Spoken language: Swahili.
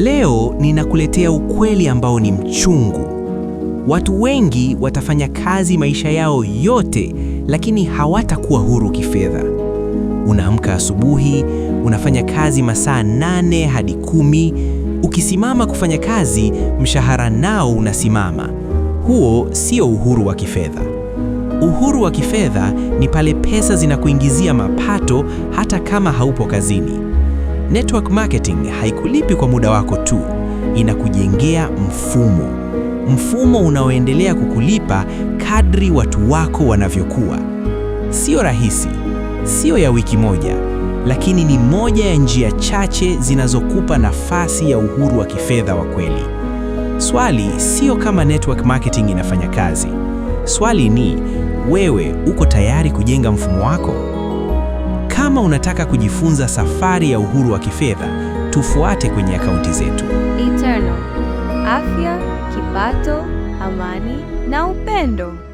Leo ninakuletea ukweli ambao ni mchungu. Watu wengi watafanya kazi maisha yao yote, lakini hawatakuwa huru kifedha. Unaamka asubuhi, unafanya kazi masaa nane hadi kumi. Ukisimama kufanya kazi, mshahara nao unasimama. Huo sio uhuru wa kifedha. Uhuru wa kifedha ni pale pesa zinakuingizia mapato hata kama haupo kazini. Network marketing haikulipi kwa muda wako tu, inakujengea mfumo, mfumo unaoendelea kukulipa kadri watu wako wanavyokuwa. Sio rahisi, sio ya wiki moja, lakini ni moja ya njia chache zinazokupa nafasi ya uhuru wa kifedha wa kweli. Swali sio kama network marketing inafanya kazi. Swali ni wewe uko tayari kujenga mfumo wako? Kama unataka kujifunza safari ya uhuru wa kifedha, tufuate kwenye akaunti zetu. Eternal: afya, kipato, amani na upendo.